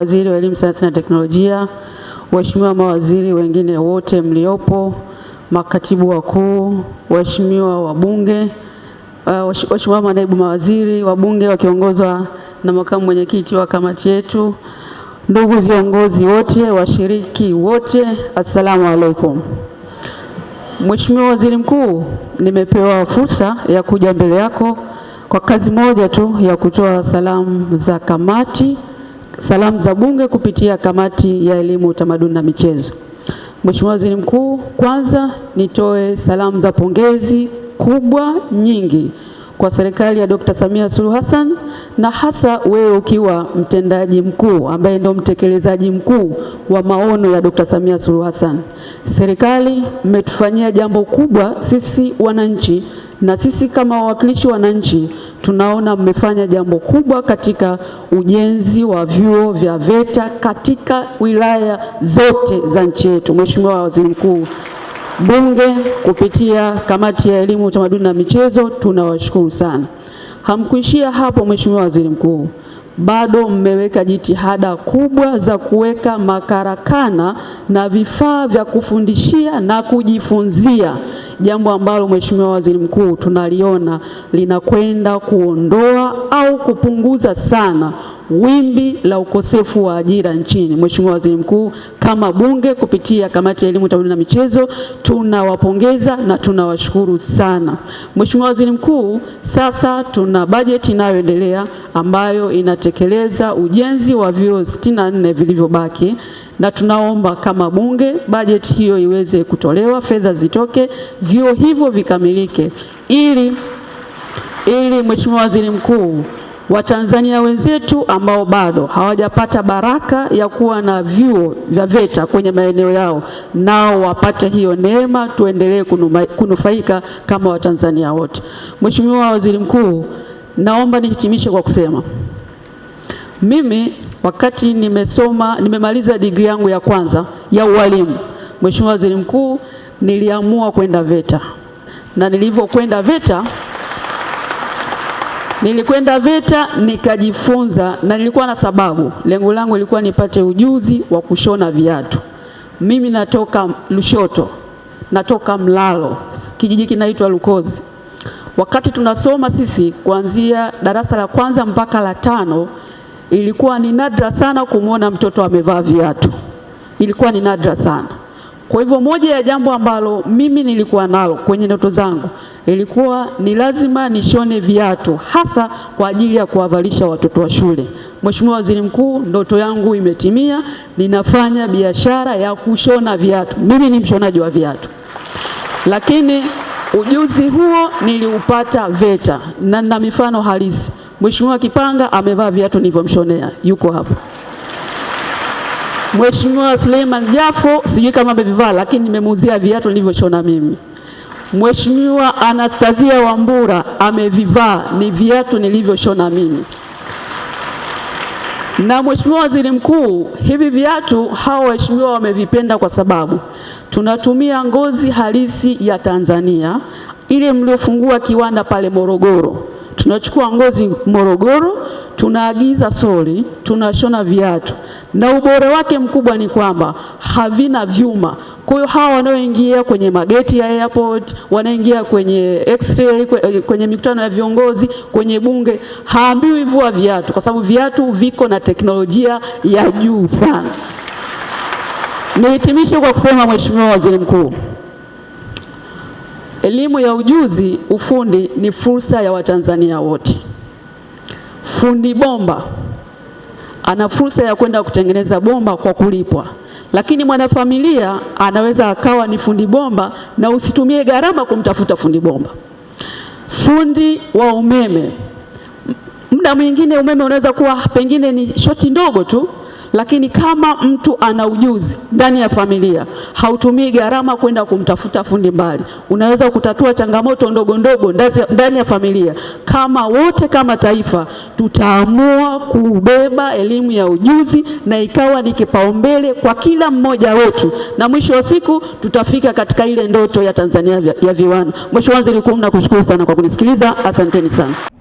Waziri wa Elimu, Sayansi na Teknolojia, waheshimiwa mawaziri wengine wote mliopo, makatibu wakuu, waheshimiwa wabunge, uh, waheshimiwa manaibu mawaziri, wabunge wakiongozwa na makamu mwenyekiti wa kamati yetu, ndugu viongozi wote, washiriki wote, assalamu alaikum. Mheshimiwa Waziri Mkuu, nimepewa fursa ya kuja mbele yako kwa kazi moja tu ya kutoa salamu za kamati salamu za Bunge kupitia kamati ya elimu, utamaduni na michezo. Mheshimiwa Waziri Mkuu, kwanza nitoe salamu za pongezi kubwa nyingi kwa serikali ya Dr. Samia Suluhu Hassan na hasa wewe ukiwa mtendaji mkuu ambaye ndio mtekelezaji mkuu wa maono ya Dr. Samia Suluhu Hassan. Serikali mmetufanyia jambo kubwa sisi wananchi, na sisi kama wawakilishi wananchi tunaona mmefanya jambo kubwa katika ujenzi wa vyuo vya VETA katika wilaya zote za nchi yetu. Mheshimiwa Waziri Mkuu, Bunge kupitia kamati ya elimu, utamaduni na michezo, tunawashukuru sana. Hamkuishia hapo, Mheshimiwa Waziri Mkuu, bado mmeweka jitihada kubwa za kuweka makarakana na vifaa vya kufundishia na kujifunzia jambo ambalo Mheshimiwa Waziri Mkuu, tunaliona linakwenda kuondoa au kupunguza sana wimbi la ukosefu wa ajira nchini. Mheshimiwa Waziri Mkuu, kama Bunge kupitia kamati ya elimu, utamaduni na michezo tunawapongeza na tunawashukuru sana. Mheshimiwa Waziri Mkuu, sasa tuna bajeti inayoendelea ambayo inatekeleza ujenzi wa vyuo 64 vilivyobaki na tunaomba kama bunge bajeti hiyo iweze kutolewa, fedha zitoke, vyuo hivyo vikamilike, ili ili Mheshimiwa Waziri Mkuu, Watanzania wenzetu ambao bado hawajapata baraka ya kuwa na vyuo vya VETA kwenye maeneo yao, nao wapate hiyo neema, tuendelee kunufaika kama Watanzania wote. Mheshimiwa Waziri Mkuu, naomba nihitimishe kwa kusema mimi Wakati nimesoma nimemaliza digrii yangu ya kwanza ya ualimu, Mheshimiwa Waziri Mkuu, niliamua kwenda VETA na nilivyokwenda VETA nilikwenda VETA nikajifunza, na nilikuwa na sababu. Lengo langu ilikuwa nipate ujuzi wa kushona viatu. Mimi natoka Lushoto, natoka Mlalo, kijiji kinaitwa Lukozi. Wakati tunasoma sisi kuanzia darasa la kwanza mpaka la tano Ilikuwa ni nadra sana kumwona mtoto amevaa viatu, ilikuwa ni nadra sana. Kwa hivyo moja ya jambo ambalo mimi nilikuwa nalo kwenye ndoto zangu ilikuwa ni lazima nishone viatu hasa kwa ajili ya kuwavalisha watoto wa shule. Mheshimiwa Waziri Mkuu, ndoto yangu imetimia, ninafanya biashara ya kushona viatu. Mimi ni mshonaji wa viatu, lakini ujuzi huo niliupata VETA na nina mifano halisi. Mheshimiwa Kipanga amevaa viatu nilivyomshonea, yuko hapo Mheshimiwa Suleiman Jafo sijui kama amevivaa, lakini nimemuuzia viatu nilivyoshona mimi. Mheshimiwa Anastasia Wambura amevivaa, ni viatu nilivyoshona mimi. Na Mheshimiwa Waziri Mkuu, hivi viatu hawa waheshimiwa wamevipenda kwa sababu tunatumia ngozi halisi ya Tanzania ile mliofungua kiwanda pale Morogoro tunachukua ngozi Morogoro, tunaagiza soli, tunashona viatu, na ubora wake mkubwa ni kwamba havina vyuma. Kwa hiyo hawa wanaoingia kwenye mageti ya airport, wanaingia kwenye x-ray, kwenye mikutano ya viongozi, kwenye bunge, haambiwi vua viatu, kwa sababu viatu viko na teknolojia ya juu sana. Nihitimishe kwa kusema, Mheshimiwa Waziri Mkuu, Elimu ya ujuzi ufundi ni fursa ya Watanzania wote. Fundi bomba ana fursa ya kwenda kutengeneza bomba kwa kulipwa, lakini mwanafamilia anaweza akawa ni fundi bomba na usitumie gharama kumtafuta fundi bomba. Fundi wa umeme, muda mwingine umeme unaweza kuwa pengine ni shoti ndogo tu lakini kama mtu ana ujuzi ndani ya familia, hautumii gharama kwenda kumtafuta fundi mbali, unaweza kutatua changamoto ndogo ndogo ndani ya familia. Kama wote kama taifa tutaamua kubeba elimu ya ujuzi na ikawa ni kipaumbele kwa kila mmoja wetu, na mwisho wa siku tutafika katika ile ndoto ya Tanzania ya viwanda. Mheshimiwa Waziri Mkuu, nakushukuru sana kwa kunisikiliza. Asanteni sana.